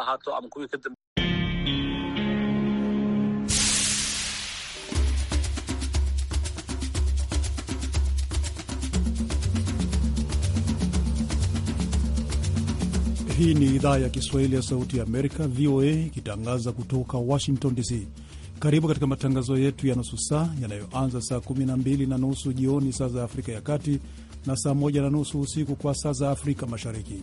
ahaato ama kuwii dambe. Hii ni idhaa ya Kiswahili ya Sauti ya Amerika, VOA, ikitangaza kutoka Washington DC. Karibu katika matangazo yetu ya nusu saa yanayoanza saa 12 na nusu jioni saa za Afrika ya Kati na saa 1 na nusu usiku kwa saa za Afrika Mashariki.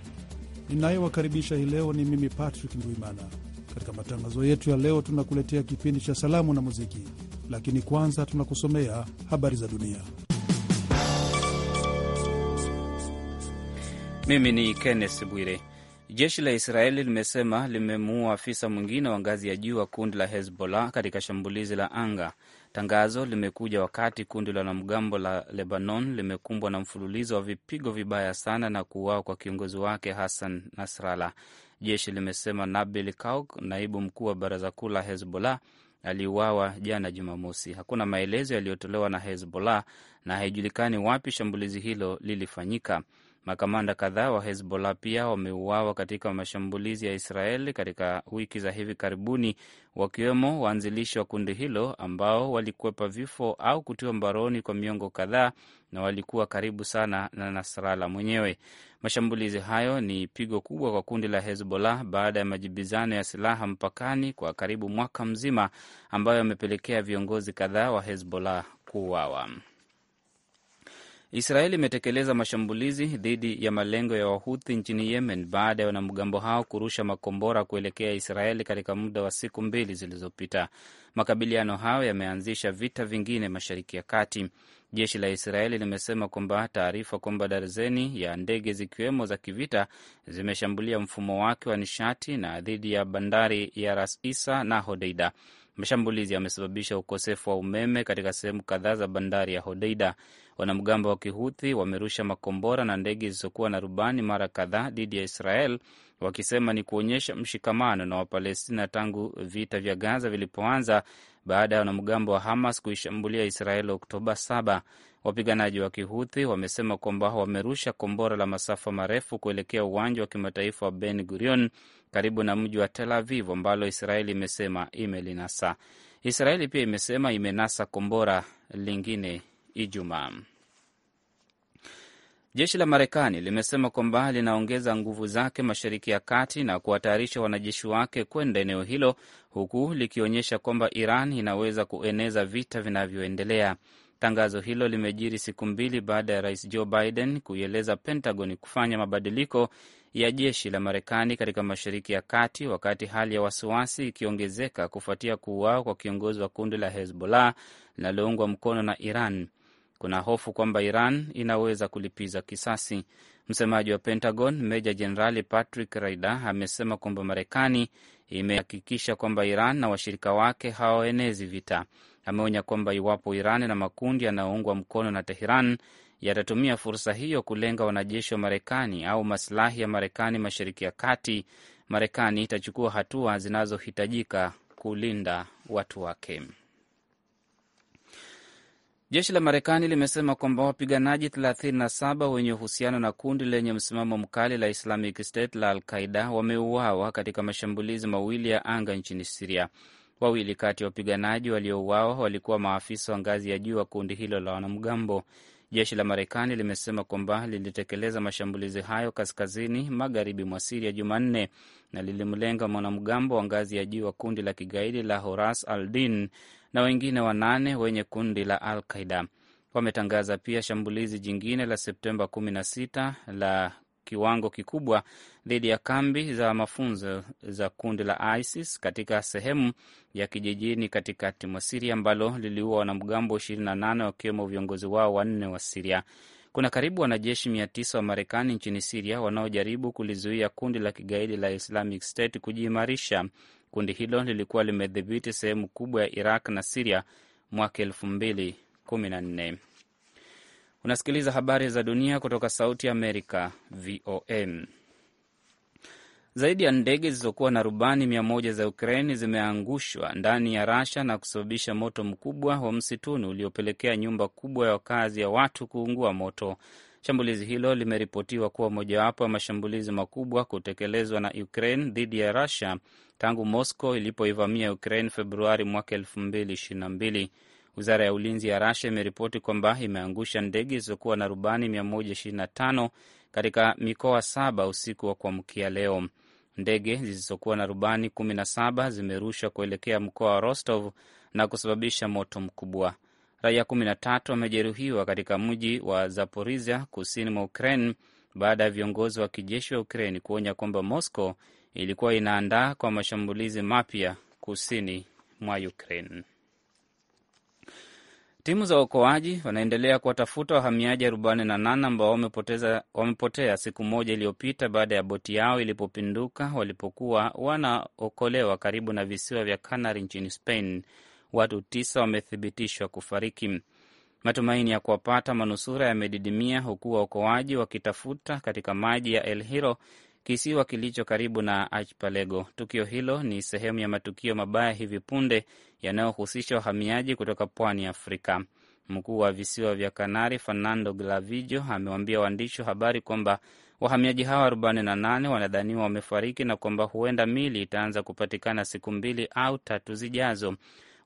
ninayewakaribisha hii leo ni mimi Patrick Ndwimana. Katika matangazo yetu ya leo, tunakuletea kipindi cha salamu na muziki, lakini kwanza tunakusomea habari za dunia. Mimi ni Kenneth Bwire. Jeshi la Israeli limesema limemuua afisa mwingine wa ngazi ya juu wa kundi la Hezbollah katika shambulizi la anga. Tangazo limekuja wakati kundi la wanamgambo la Lebanon limekumbwa na mfululizo wa vipigo vibaya sana na kuuawa kwa kiongozi wake Hassan Nasrallah. Jeshi limesema Nabil Kauk, naibu mkuu wa baraza kuu la Hezbollah, aliuawa jana Jumamosi. Hakuna maelezo yaliyotolewa na Hezbollah na haijulikani wapi shambulizi hilo lilifanyika. Makamanda kadhaa wa Hezbollah pia wameuawa katika mashambulizi ya Israeli katika wiki za hivi karibuni, wakiwemo waanzilishi wa kundi hilo ambao walikwepa vifo au kutiwa mbaroni kwa miongo kadhaa na walikuwa karibu sana na nasrala mwenyewe. Mashambulizi hayo ni pigo kubwa kwa kundi la Hezbollah baada ya majibizano ya silaha mpakani kwa karibu mwaka mzima, ambayo yamepelekea viongozi kadhaa wa Hezbollah kuuawa. Israeli imetekeleza mashambulizi dhidi ya malengo ya Wahuthi nchini Yemen baada ya wanamgambo hao kurusha makombora kuelekea Israeli katika muda wa siku mbili zilizopita. Makabiliano hayo yameanzisha vita vingine mashariki ya kati. Jeshi la Israeli limesema kwamba taarifa kwamba darzeni ya ndege zikiwemo za kivita zimeshambulia mfumo wake wa nishati na dhidi ya bandari ya Ras Isa na Hodeida. Mashambulizi yamesababisha ukosefu wa umeme katika sehemu kadhaa za bandari ya Hodeida. Wanamgambo wa Kihuthi wamerusha makombora na ndege zisizokuwa na rubani mara kadhaa dhidi ya Israel, wakisema ni kuonyesha mshikamano na Wapalestina tangu vita vya Gaza vilipoanza baada ya wanamgambo wa Hamas kuishambulia Israel Oktoba 7. Wapiganaji wa Kihuthi wamesema kwamba wamerusha kombora la masafa marefu kuelekea uwanja wa kimataifa wa Ben Gurion karibu na mji wa Tel Aviv ambalo Israeli imesema imelinasa. Israeli pia imesema imenasa kombora lingine Ijumaa. Jeshi la Marekani limesema kwamba linaongeza nguvu zake Mashariki ya Kati na kuwatayarisha wanajeshi wake kwenda eneo hilo, huku likionyesha kwamba Iran inaweza kueneza vita vinavyoendelea. Tangazo hilo limejiri siku mbili baada ya rais Joe Biden kuieleza Pentagon kufanya mabadiliko ya jeshi la Marekani katika Mashariki ya Kati, wakati hali ya wasiwasi ikiongezeka kufuatia kuuawa kwa kiongozi wa kundi la Hezbollah linaloungwa mkono na Iran. Kuna hofu kwamba Iran inaweza kulipiza kisasi. Msemaji wa Pentagon meja jenerali Patrick Raida amesema kwamba Marekani imehakikisha kwamba Iran na washirika wake hawaenezi vita. Ameonya kwamba iwapo Iran na makundi yanayoungwa mkono na Teheran yatatumia fursa hiyo kulenga wanajeshi wa Marekani au masilahi ya Marekani mashariki ya kati, Marekani itachukua hatua zinazohitajika kulinda watu wake. Jeshi la Marekani limesema kwamba wapiganaji 37 wenye uhusiano na kundi lenye msimamo mkali la Islamic State la alqaida wameuawa katika mashambulizi mawili ya anga nchini Siria. Wawili kati ya wapiganaji waliouawa walikuwa maafisa wa ngazi ya juu wa kundi hilo la wanamgambo. Jeshi la Marekani limesema kwamba lilitekeleza mashambulizi hayo kaskazini magharibi mwa Siria Jumanne na lilimlenga mwanamgambo wa ngazi ya juu wa kundi la kigaidi la Horas al-Din na wengine wanane wenye kundi la Al Qaida. Wametangaza pia shambulizi jingine la Septemba 16 la kiwango kikubwa dhidi ya kambi za mafunzo za kundi la ISIS katika sehemu ya kijijini katikati mwa Siria ambalo liliua wanamgambo 28 wakiwemo viongozi wao wanne wa Siria. Kuna karibu wanajeshi 900 wa Marekani nchini Siria wanaojaribu kulizuia kundi la kigaidi la Islamic State kujiimarisha Kundi hilo lilikuwa limedhibiti sehemu kubwa ya Iraq na Siria mwaka nne. Unasikiliza habari za dunia kutoka Sauti Amerika, VOM. Zaidi ya ndege zilizokuwa na rubani mia moja za Ukraini zimeangushwa ndani ya Rasha na kusababisha moto mkubwa wa msituni uliopelekea nyumba kubwa ya wakazi ya watu kuungua moto Shambulizi hilo limeripotiwa kuwa mojawapo ya mashambulizi makubwa kutekelezwa na Ukraine dhidi ya Russia tangu Moscow ilipoivamia Ukraine Februari mwaka mbili Wizara ya ulinzi ya Russia imeripoti kwamba imeangusha ndege zilizokuwa na rubani 125 katika mikoa saba usiku wa kuamkia leo. Ndege zisizokuwa na rubani 17 zimerushwa kuelekea mkoa wa Rostov na kusababisha moto mkubwa raia 13 wamejeruhiwa katika mji wa Zaporizhia kusini mwa Ukraine baada ya viongozi wa kijeshi wa Ukraine kuonya kwamba Moscow ilikuwa inaandaa kwa mashambulizi mapya kusini mwa Ukraine. Timu za uokoaji wanaendelea kuwatafuta wahamiaji 48 ambao wamepotea siku moja iliyopita baada ya boti yao ilipopinduka walipokuwa wanaokolewa karibu na visiwa vya Kanari nchini Spain watu tisa wamethibitishwa kufariki. Matumaini ya kuwapata manusura yamedidimia, huku waokoaji wakitafuta katika maji ya El Hiro, kisiwa kilicho karibu na Archipelago. Tukio hilo ni sehemu ya matukio mabaya hivi punde yanayohusisha wahamiaji kutoka pwani ya Afrika. Mkuu wa visiwa vya Kanari Fernando Glavijo amewaambia waandishi wa habari kwamba wahamiaji hawa 48 wanadhaniwa wamefariki na kwamba huenda mili itaanza kupatikana siku mbili au tatu zijazo.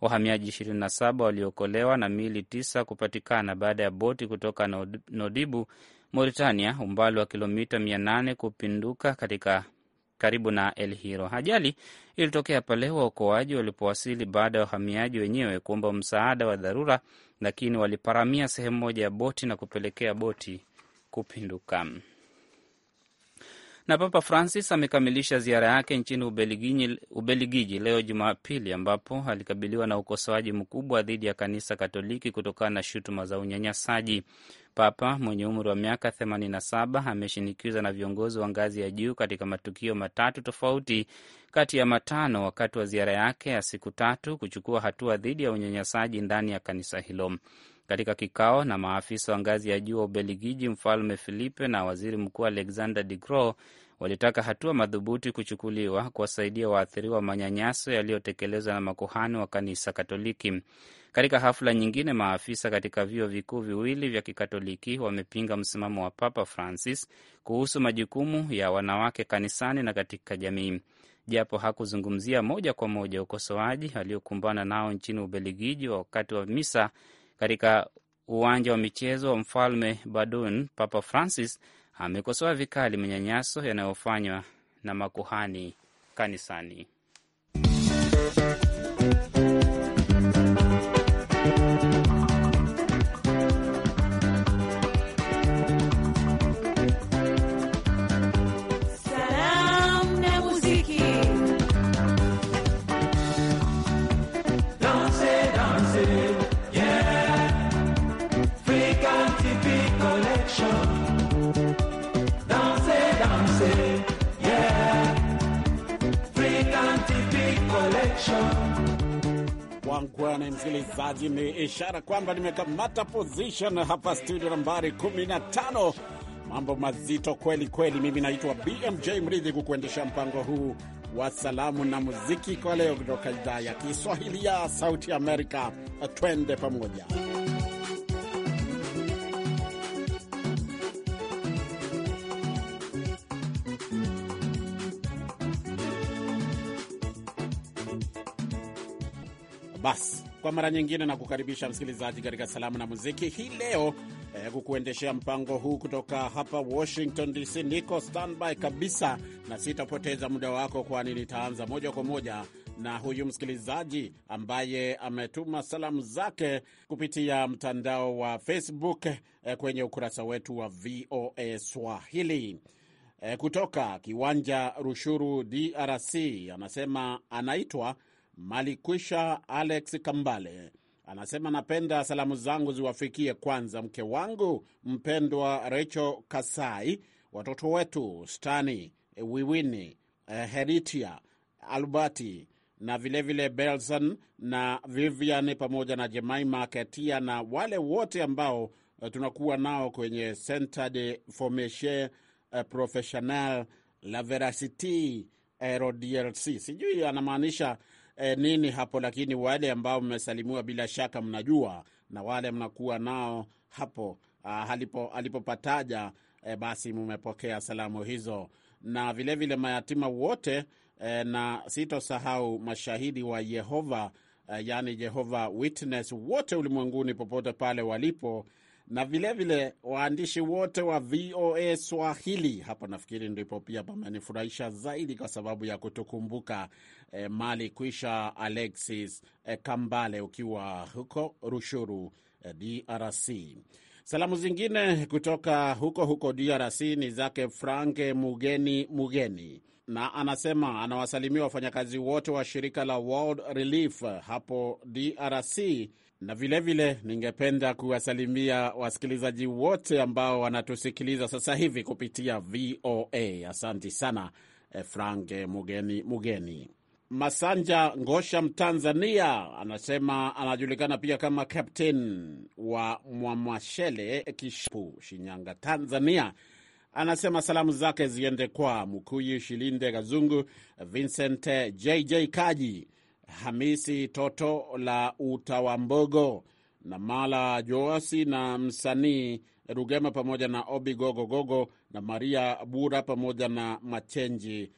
Wahamiaji 27 waliokolewa na mili 9 kupatikana baada ya boti kutoka Nodibu, Mauritania, umbali wa kilomita 800 kupinduka katika karibu na El Hiro. Ajali ilitokea pale waokoaji walipowasili baada ya wahamiaji wenyewe kuomba msaada wa dharura, lakini waliparamia sehemu moja ya boti na kupelekea boti kupinduka. Na Papa Francis amekamilisha ziara yake nchini ubeligiji leo Jumapili, ambapo alikabiliwa na ukosoaji mkubwa dhidi ya kanisa Katoliki kutokana na shutuma za unyanyasaji. Papa mwenye umri wa miaka 87 ameshinikizwa na viongozi wa ngazi ya juu katika matukio matatu tofauti kati ya matano wakati wa ziara yake ya siku tatu kuchukua hatua dhidi ya unyanyasaji ndani ya kanisa hilo. Katika kikao na maafisa wa ngazi ya juu wa ubeligiji mfalme Filipe na waziri mkuu Alexander De Croo walitaka hatua madhubuti kuchukuliwa kuwasaidia waathiriwa manyanyaso yaliyotekelezwa na makuhani wa kanisa Katoliki. Katika hafla nyingine, maafisa katika vyuo vikuu viwili vya Kikatoliki wamepinga msimamo wa Papa Francis kuhusu majukumu ya wanawake kanisani na katika jamii. Japo hakuzungumzia moja kwa moja ukosoaji aliokumbana nao nchini Ubelgiji wakati wa misa katika uwanja wa michezo wa mfalme Badun, Papa Francis amekosoa vikali manyanyaso yanayofanywa na makuhani kanisani. msikilizaji, ni ishara kwamba nimekamata position hapa studio nambari 15. Mambo mazito kweli kweli. Mimi naitwa BMJ Mridhi kukuendesha mpango huu wa salamu na muziki kwa leo kutoka idhaa ya Kiswahili ya Sauti Amerika. Twende pamoja. Basi kwa mara nyingine na kukaribisha msikilizaji katika salamu na muziki hii leo eh, kukuendeshea mpango huu kutoka hapa Washington DC. Niko standby kabisa na sitapoteza muda wako, kwani nitaanza moja kwa moja na huyu msikilizaji ambaye ametuma salamu zake kupitia mtandao wa Facebook eh, kwenye ukurasa wetu wa VOA Swahili eh, kutoka Kiwanja Rushuru DRC, anasema anaitwa Malikwisha Alex Kambale anasema napenda salamu zangu ziwafikie kwanza mke wangu mpendwa Rachel Kasai, watoto wetu Stani, Wiwini, eh, Heritia, Albati na vilevile Belson na Vivian pamoja na Jemaima Ketia na wale wote ambao eh, tunakuwa nao kwenye Centre de Formation eh, professionel la Veracity RDLC. Sijui anamaanisha e, nini hapo, lakini wale ambao mmesalimiwa bila shaka mnajua, na wale mnakuwa nao hapo ah, alipopataja e, basi mmepokea salamu hizo, na vilevile vile mayatima wote e, na sitosahau mashahidi wa Yehova e, yani Jehova Witness wote ulimwenguni popote pale walipo na vilevile vile, waandishi wote wa VOA Swahili hapo, nafikiri ndipo pia pamenifurahisha zaidi kwa sababu ya kutukumbuka e, mali kwisha Alexis e, Kambale ukiwa huko Rushuru e, eh, DRC. Salamu zingine kutoka huko huko DRC ni zake Franke Mugeni Mugeni, na anasema anawasalimia wafanyakazi wote wa shirika la World Relief hapo DRC na vilevile ningependa kuwasalimia wasikilizaji wote ambao wanatusikiliza sasa hivi kupitia VOA. Asante sana eh, Frank Mugeni Mugeni. Masanja Ngosha, Mtanzania, anasema anajulikana pia kama Captain wa Mwamashele, eh, Kishapu, Shinyanga, Tanzania. Anasema salamu zake ziende kwa Mkuyu Shilinde, Kazungu Vincent, JJ eh, Kaji, Hamisi Toto la Utawambogo na Mala Joasi na msanii Rugema pamoja na Obi Gogogogo na Maria Bura pamoja na Machenji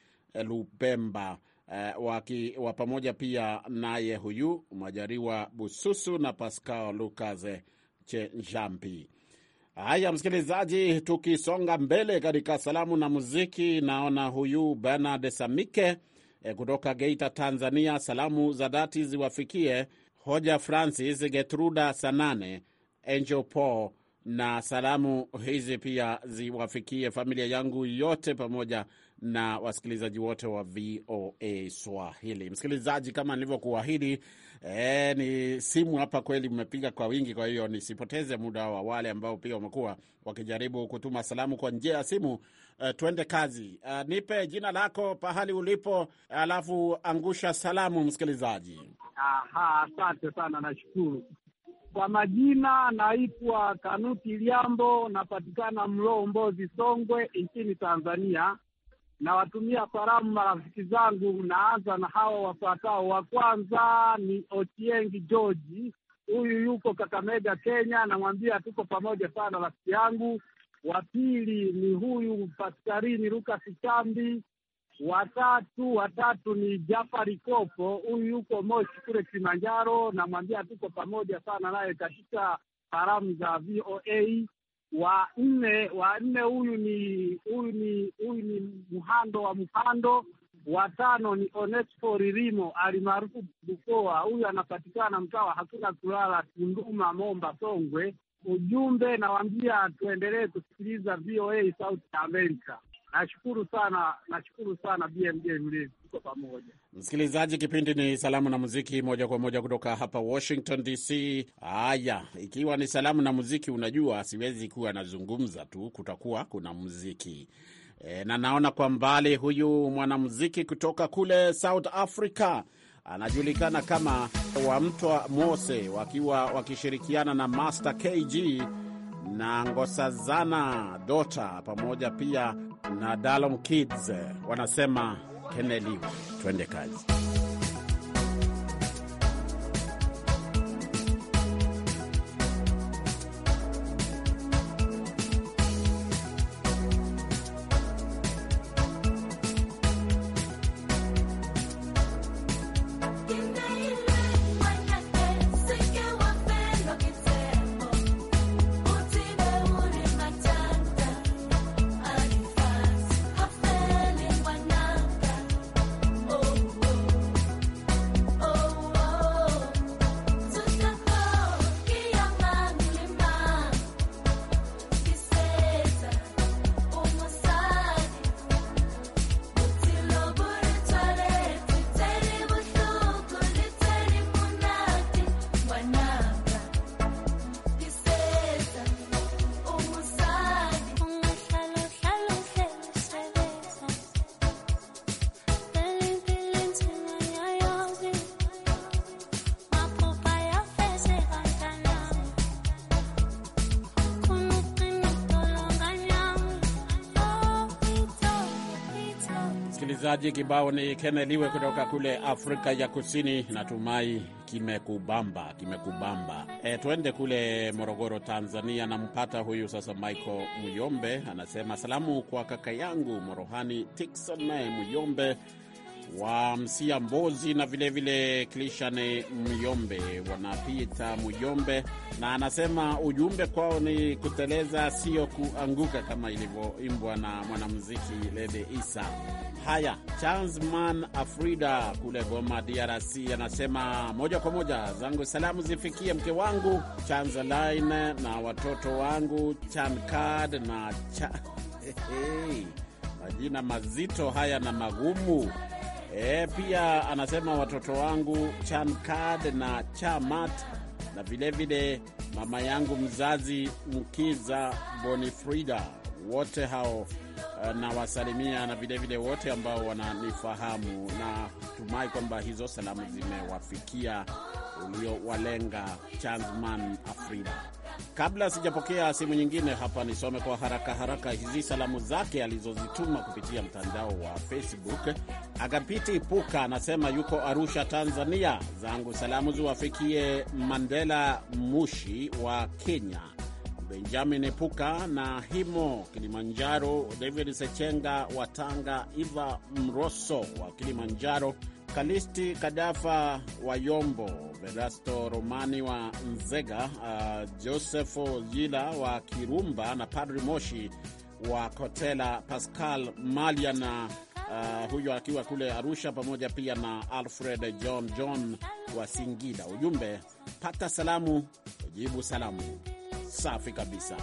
Lupemba eh, wakiwa pamoja pia naye huyu Mwajariwa Bususu na Pascal Lucas Chenjampi. Haya, msikilizaji, tukisonga mbele katika salamu na muziki, naona huyu Bernard Samike Eh, kutoka Geita, Tanzania. Salamu za dhati ziwafikie Hoja Francis, Getruda Sanane, Angel Paul, na salamu hizi pia ziwafikie familia yangu yote pamoja na wasikilizaji wote wa VOA Swahili. Msikilizaji, kama nilivyokuahidi, e, ni simu hapa kweli mmepiga kwa wingi, kwa hiyo nisipoteze muda wa wale ambao pia wamekuwa wakijaribu kutuma salamu kwa njia ya simu. E, eh, tuende kazi. E, nipe jina lako, pahali ulipo, alafu angusha salamu msikilizaji. Aha, asante sana, nashukuru kwa majina naitwa Kanuti Liambo, napatikana Mloo, Mbozi, Songwe, nchini Tanzania. Nawatumia salamu marafiki zangu, naanza na hawa wafuatao. Wa kwanza ni Ochiengi George, huyu yuko Kakamega, Kenya. Namwambia tuko pamoja sana rafiki yangu. Wa pili ni huyu Paskarini Lukas Chambi. Watatu watatu ni Jafari Kopo, huyu yuko Moshi kule Kilimanjaro. Namwambia tuko pamoja sana naye katika salamu za VOA wa nne wa nne huyu ni huyu ni huyu ni Mhando wa Mpando. tano ni Onesfo Rilimo alimaarufu Bukoa, huyu anapatikana mtaa wa Hakuna Kulala, Tunduma, Momba, Songwe. Ujumbe nawaambia tuendelee kusikiliza VOA South America. Nashukuru sana, nashukuru sana BMJ Mridhi, tuko pamoja. Msikilizaji, kipindi ni salamu na muziki moja kwa moja kutoka hapa Washington DC. Haya, ikiwa ni salamu na muziki, unajua siwezi kuwa nazungumza tu, kutakuwa kuna muziki e, na naona kwa mbali huyu mwanamuziki kutoka kule South Africa anajulikana kama Wamtwa Mose, wakiwa wakishirikiana na Master KG na Ngosazana Dota pamoja pia na Dalom Kids wanasema keneliwa. Twende kazi. msikilizaji, kibao ni Keneliwe kutoka kule Afrika ya Kusini. Natumai kimekubamba, kimekubamba. E, tuende kule Morogoro, Tanzania. Nampata huyu sasa, Michael Muyombe anasema salamu kwa kaka yangu Morohani Tikson Muyombe wa Msia Mbozi na vilevile Klishane Myombe wanapita Myombe, na anasema ujumbe kwao ni kuteleza, sio kuanguka, kama ilivyoimbwa na mwanamuziki lede Isa. Haya, Chansman Afrida kule Goma, DRC, anasema moja kwa moja zangu salamu zifikie mke wangu Chanzaline na watoto wangu Chancard na cha... Hey, hey. Majina mazito haya na magumu E, pia anasema watoto wangu Chankad na Chamat na vilevile mama yangu mzazi Mkiza Bonifrida, wote hao eh, nawasalimia na vilevile wote ambao wananifahamu, na tumai kwamba hizo salamu zimewafikia uliowalenga Chansman Afrida. Kabla sijapokea simu nyingine hapa, nisome kwa haraka haraka hizi salamu zake alizozituma kupitia mtandao wa Facebook. Agapiti Puka anasema yuko Arusha, Tanzania. Zangu salamu ziwafikie Mandela Mushi wa Kenya, Benjamin Puka na Himo Kilimanjaro, David Sechenga wa Tanga, Iva Mroso wa Kilimanjaro Kalisti Kadafa wa Yombo, Vedasto Romani wa Nzega, uh, Josefo Jila wa Kirumba na Padri Moshi wa Kotela, Pascal Maliana uh, huyo akiwa kule Arusha, pamoja pia na Alfred John John wa Singida. Ujumbe, pata salamu, jibu salamu. Safi kabisa.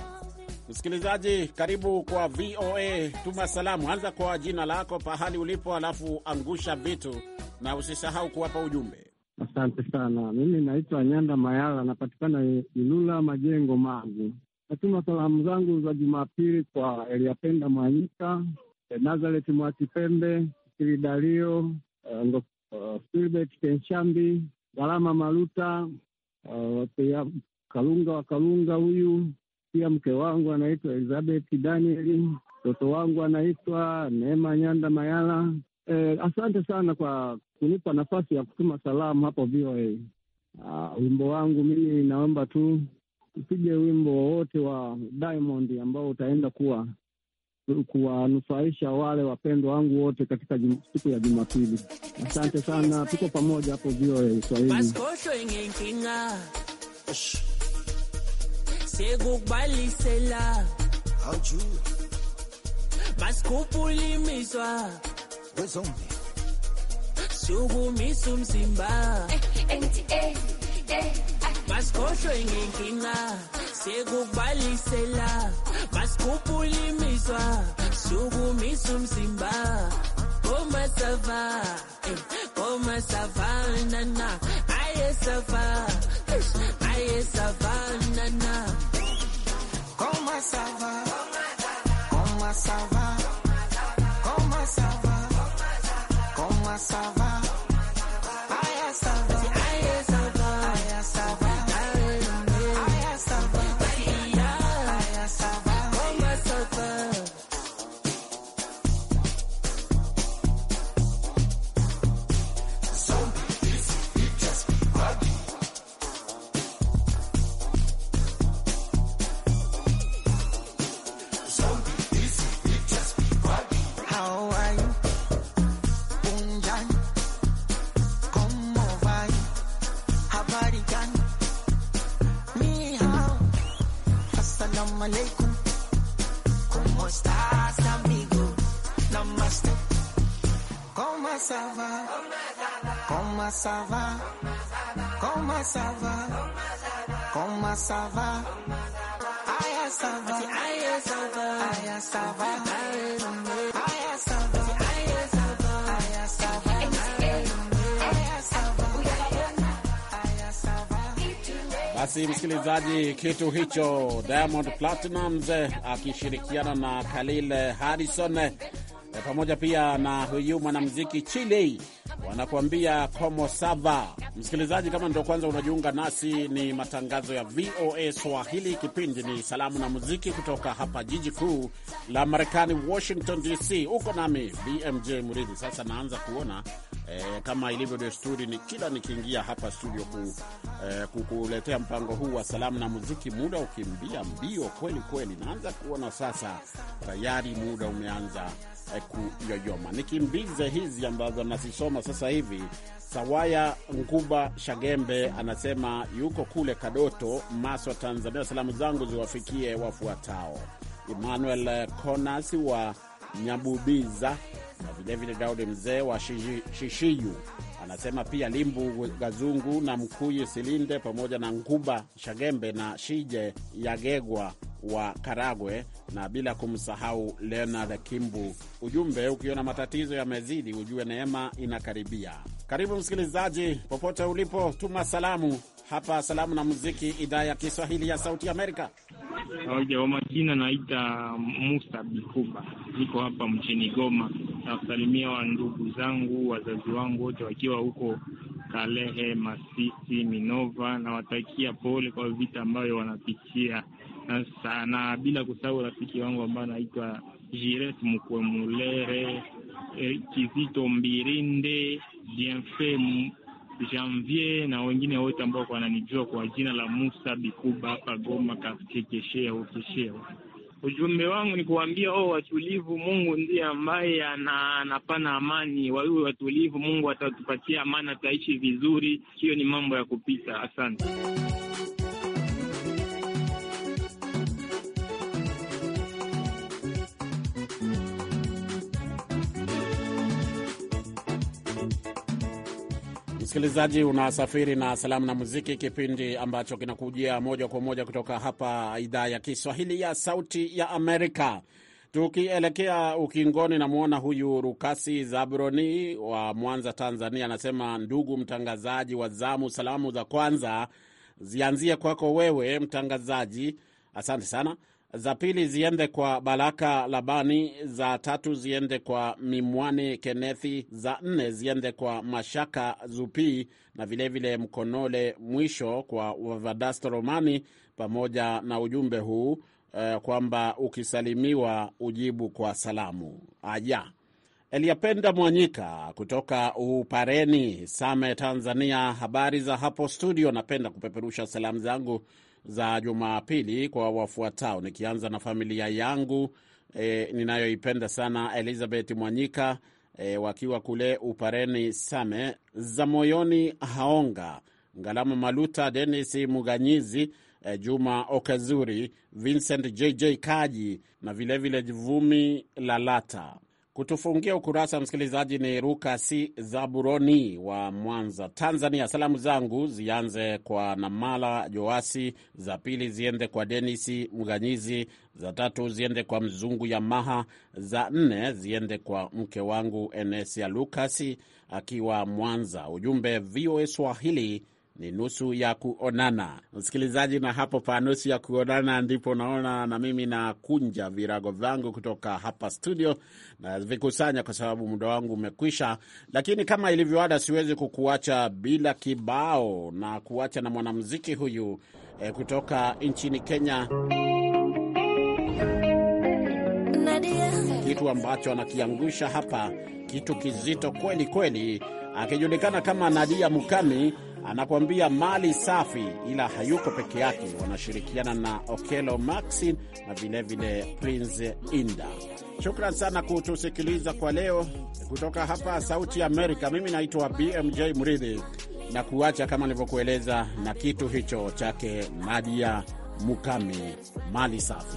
Msikilizaji, karibu kwa VOA. Tuma salamu, anza kwa jina lako, pahali ulipo, alafu angusha vitu na usisahau kuwapa ujumbe. Asante sana. Mimi naitwa Nyanda Mayala, napatikana Ilula Majengo, Magu. Natuma salamu zangu za Jumapili kwa Eliapenda Mwanyika, eh, Nazareti Mwakipembe, Kilidario Filbert, eh, eh, uh, uh, Kenshambi, Gharama Maluta, uh, pia Kalunga wa Kalunga huyu pia mke wangu anaitwa Elizabeth Danieli, mtoto wangu anaitwa Neema Nyanda Mayala, Eh, asante sana kwa kunipa nafasi ya kutuma salamu hapo VOA. Uh, ah, wimbo wangu mimi naomba tu upige wimbo wowote wa Diamond ambao utaenda kuwa kuwanufaisha wale wapendwa wangu wote katika siku ya Jumapili. Asante sana, tuko pamoja hapo VOA Swahili. Basikubalisela wezombi siukumisa umzimba eh, eh, eh, masikhohlwe ngenkinga sekukubalisela masikhuphula imizwa siukumisa umzimba komasava komasavanana ayesava ayesavanana komasava komasava komasava ça va. ça va Comment ça va Comment ça va Aïe, ça va Aïe, ça va Aïe, ça va Aya Basi msikilizaji, kitu hicho Diamond Platnumz akishirikiana na Khalil Harrison pamoja pia na huyu mwanamuziki Chile wanakuambia komo sava. Msikilizaji, kama ndio kwanza unajiunga nasi, ni matangazo ya VOA Swahili. Kipindi ni salamu na muziki kutoka hapa jiji kuu la Marekani, Washington DC. Uko nami BMJ mridhi Sasa naanza kuona eh, kama ilivyo desturi, ni kila nikiingia hapa studio ku, eh, kukuletea mpango huu wa salamu na muziki, muda ukimbia mbio kweli kweli. Naanza kuona sasa tayari muda umeanza Eh, kuyoyoma. Nikimbize hizi ambazo anazisoma sasa hivi. Sawaya Nguba Shagembe anasema yuko kule Kadoto, Maswa, Tanzania. Salamu zangu ziwafikie wafuatao: Emmanuel Konas wa Nyabubiza na vilevile Daudi mzee wa Shishiyu anasema pia Limbu Gazungu na Mkuyu Silinde pamoja na Nguba Shagembe na Shije Yagegwa wa Karagwe, na bila kumsahau Leonard Kimbu. Ujumbe ukiona matatizo yamezidi, ujue neema inakaribia. Karibu msikilizaji, popote ulipo, tuma salamu hapa. Salamu na Muziki, idhaa ya Kiswahili ya Sauti Amerika. Oja wa majina, naita Musa Bikuba, niko hapa mjini Goma. Nawasalimia wa ndugu zangu, wazazi wangu wote wakiwa huko Kalehe, Masisi, Minova. Nawatakia pole kwa vita ambayo wanapitia sana bila kusahau rafiki wangu ambaye anaitwa Jiret Mkwemulere, Kizito Mbirinde, Bienfait Janvier na wengine wote ambao wananijua kwa jina la Musa Bikuba hapa Goma kakekeshea ukesheo. Ujumbe wangu ni kuambia oh, watulivu. Mungu ndiye ambaye anapana amani, wawe watulivu. Mungu atatupatia amani, ataishi vizuri. Hiyo ni mambo ya kupita. Asante. Msikilizaji, unasafiri na salamu na muziki, kipindi ambacho kinakujia moja kwa moja kutoka hapa idhaa ya Kiswahili ya Sauti ya Amerika. Tukielekea ukingoni, namwona huyu Rukasi Zabroni wa Mwanza, Tanzania, anasema: ndugu mtangazaji wa zamu, salamu za kwanza zianzie kwako wewe mtangazaji, asante sana za pili ziende kwa Baraka Labani, za tatu ziende kwa Mimwani Kenethi, za nne ziende kwa Mashaka Zupii na vilevile vile Mkonole, mwisho kwa wavadasto Romani, pamoja na ujumbe huu eh, kwamba ukisalimiwa ujibu kwa salamu. Aya, Eliapenda Mwanyika kutoka Upareni Same, Tanzania. Habari za hapo studio, napenda kupeperusha salamu zangu za Jumapili kwa wafuatao, nikianza na familia yangu e, ninayoipenda sana Elizabeth Mwanyika e, wakiwa kule Upareni, Same za moyoni, Haonga Ngalama, Maluta, Denis Muganyizi, e, Juma Okazuri, Vincent JJ Kaji na vilevile Vumi Lalata. Kutufungia ukurasa msikilizaji ni Ruka si Zaburoni wa Mwanza, Tanzania. Salamu zangu zianze kwa Namala Joasi, za pili ziende kwa Denisi Mganyizi, za tatu ziende kwa Mzungu ya maha za nne ziende kwa mke wangu Enesia Lukasi akiwa Mwanza. Ujumbe VOA Swahili ni nusu ya kuonana, msikilizaji, na hapo pa nusu ya kuonana ndipo naona na mimi nakunja virago vyangu kutoka hapa studio na vikusanya, kwa sababu muda wangu umekwisha. Lakini kama ilivyoada, siwezi kukuacha bila kibao na kuacha na mwanamuziki huyu eh, kutoka nchini Kenya, kitu ambacho anakiangusha hapa, kitu kizito kweli kweli, akijulikana kama Nadia Mukami anakuambia mali safi, ila hayuko peke yake, wanashirikiana na Okelo maxi na vilevile Prince Inda. Shukran sana kutusikiliza kwa leo, kutoka hapa Sauti ya Amerika. Mimi naitwa BMJ Mridhi na kuacha kama nilivyokueleza na kitu hicho chake Nadia Mukami, mali safi.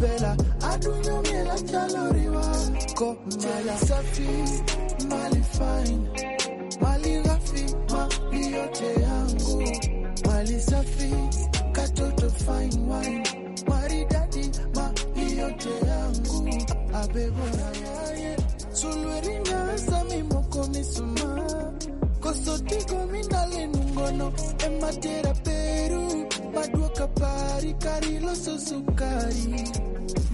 vela adunyomela chalori wako mali safi mali fine mali ghafi mali yote yangu mali safi katoto fine wine maridadi mali yote yangu abebora yaye sulweri na sulwerinasa mimoko misuma kosotigo nungono ematera peru maduoka pari kari loso sukari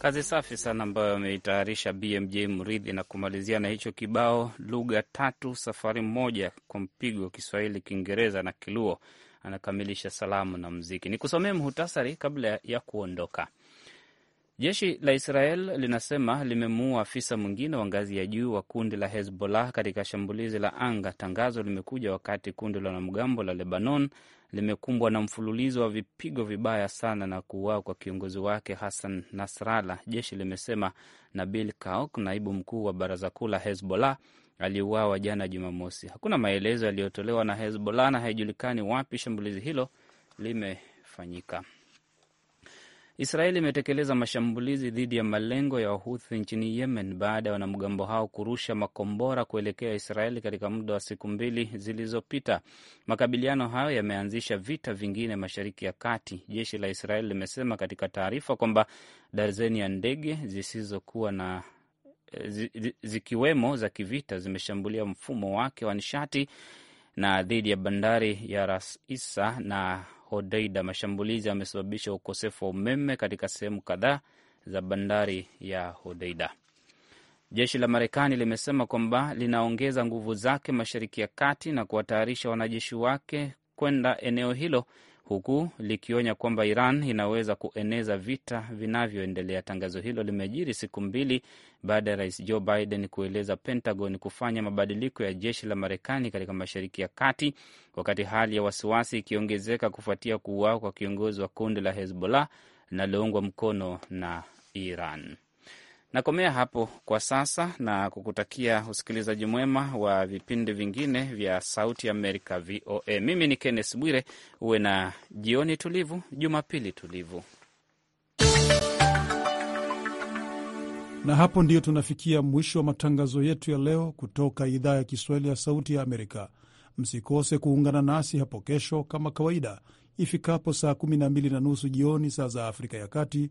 Kazi safi sana ambayo ameitayarisha BMJ Mridhi, na kumalizia na hicho kibao, lugha tatu safari moja kwa mpigo, Kiswahili, Kiingereza na Kiluo. Anakamilisha salamu na mziki. ni kusomee muhtasari kabla ya kuondoka. Jeshi la Israel linasema limemuua afisa mwingine wa ngazi ya juu wa kundi la Hezbollah katika shambulizi la anga. Tangazo limekuja wakati kundi la wanamgambo la Lebanon limekumbwa na mfululizo wa vipigo vibaya sana na kuuawa kwa kiongozi wake Hassan Nasrallah. Jeshi limesema Nabil Kaok, naibu mkuu wa baraza kuu la Hezbollah, aliuawa jana Jumamosi. Hakuna maelezo yaliyotolewa na Hezbollah na haijulikani wapi shambulizi hilo limefanyika. Israeli imetekeleza mashambulizi dhidi ya malengo ya Wahuthi nchini Yemen baada ya wanamgambo hao kurusha makombora kuelekea Israeli katika muda wa siku mbili zilizopita. Makabiliano hayo yameanzisha vita vingine mashariki ya kati. Jeshi la Israeli limesema katika taarifa kwamba darzeni ya ndege zisizokuwa na eh, zikiwemo za kivita zimeshambulia mfumo wake wa nishati na dhidi ya bandari ya Ras Isa na Hodeida, mashambulizi yamesababisha ukosefu wa umeme katika sehemu kadhaa za bandari ya Hodeida. Jeshi la Marekani limesema kwamba linaongeza nguvu zake Mashariki ya Kati na kuwatayarisha wanajeshi wake kwenda eneo hilo huku likionya kwamba Iran inaweza kueneza vita vinavyoendelea. Tangazo hilo limejiri siku mbili baada ya rais Joe Biden kueleza Pentagon kufanya mabadiliko ya jeshi la Marekani katika Mashariki ya Kati, wakati hali ya wasiwasi ikiongezeka kufuatia kuuawa kwa kiongozi wa kundi la Hezbollah linaloungwa mkono na Iran. Nakomea hapo kwa sasa na kukutakia usikilizaji mwema wa vipindi vingine vya Sauti Amerika, VOA. Mimi ni Kenneth Bwire, uwe na jioni tulivu, Jumapili tulivu. Na hapo ndiyo tunafikia mwisho wa matangazo yetu ya leo kutoka idhaa ya Kiswahili ya Sauti ya Amerika. Msikose kuungana nasi hapo kesho kama kawaida ifikapo saa 12 na nusu jioni saa za Afrika ya Kati